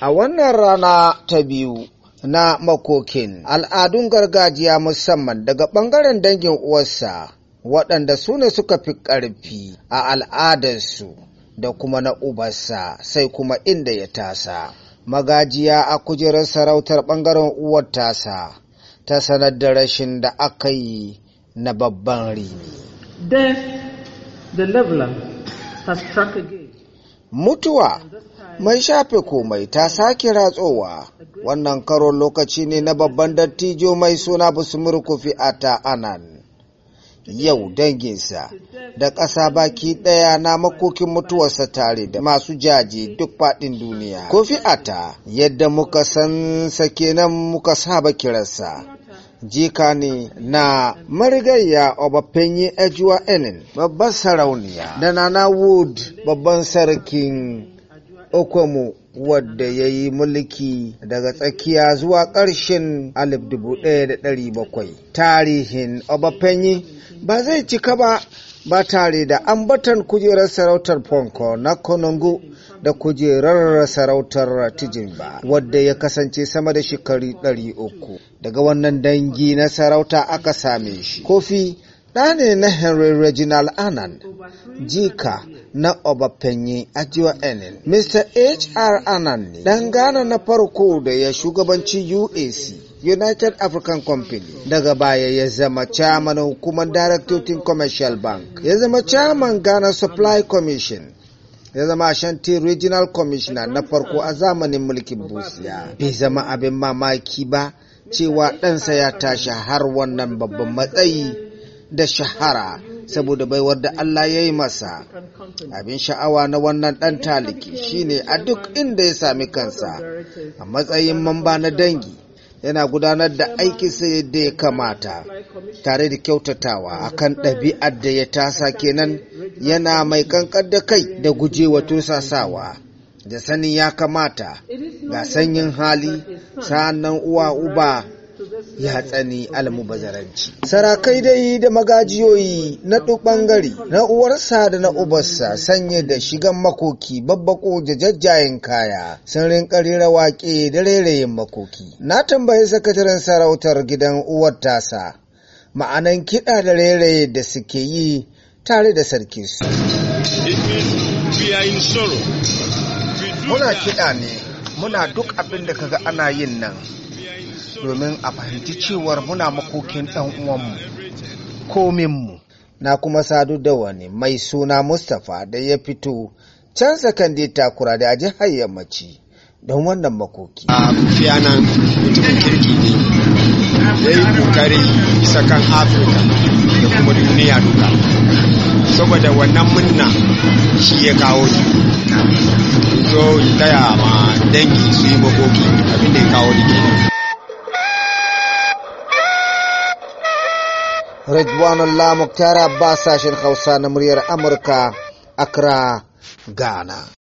A wannan rana ta biyu na makokin al'adun gargajiya musamman daga ɓangaren dangin uwarsa waɗanda su ne suka fi ƙarfi a al'adarsu da kuma na ubarsa sai kuma inda ya tasa. Magajiya a kujerar sarautar ɓangaren uwar tasa ta sanar da rashin da aka yi na babban rini. mutuwa mai shafe komai ta sake ratsowa wannan karo lokaci ne na babban dattijo mai suna busumur kofi a anan yau danginsa da ƙasa baki ɗaya na makokin mutuwarsa tare da masu jaji duk faɗin duniya kofi ata yadda muka san sake nan muka saba kiransa jikani na marigayya Obafenyi Ejuwa Enin babban sarauniya da Nana Wood babban sarkin Okwamu wadda ya yi mulki daga tsakiya zuwa ƙarshen 1700. Tarihin Obafenyi ba zai cika ba ba tare da ambatan kujerar sarautar Fonko na Konongo da kujerar sarautar Tijin ba, wadda ya kasance sama da shekaru ɗari uku. Daga wannan dangi na sarauta aka same shi. Kofi ɗa ne na Henry Reginald Annan, jika na Obapenyi Ajiwa Enin. Mr. H.R. Annan ne, ɗan Ghana na farko da ya shugabanci UAC. united african company daga baya ya zama chairman hukumar directotin commercial bank ya zama chairman ghana supply commission ya zama shanti regional commissioner na farko a zamanin mulkin busiya bai zama abin mamaki ba cewa ɗansa ya tashi har wannan babban matsayi da shahara saboda baiwar da Allah ya yi masa abin sha'awa na wannan ɗan taliki shine a duk inda ya sami kansa a matsayin mamba na dangi yana gudanar da sai da ya kamata tare da kyautatawa akan ɗabi'ar da ya tasa kenan yana mai kankar da kai da gujewa tursasawa da sanin ya kamata ga sanyin hali sa'an uwa uba ya tsani almubazaranci. Sarakai dai da magajiyoyi na duk bangare na uwarsa da na ubarsa sanye da shigan makoki babbako da jajjayen kaya sun rinka rera waƙe da rerayin makoki. Na tambayi sakataren sarautar gidan uwar tasa ma'anan kiɗa da reraye da suke yi tare da sarki su. Muna kiɗa ne, muna duk abin da kaga ana yin nan. domin a fahimci cewar muna makokin ɗan uwanmu kominmu na kuma sadu da wani mai suna mustapha da ya fito can sakandi takura da ajin yammaci don wannan makoki a fiyanan mutumin kirki ne ya yi kokari isa kan afirka da kuma duniya duka saboda wannan munna shi ya kawo shi so in ma dangi su yi makoki abin da ya kawo ni Rajwan Allah Muktar Abbas sashen Hausa na muryar Amurka Accra Ghana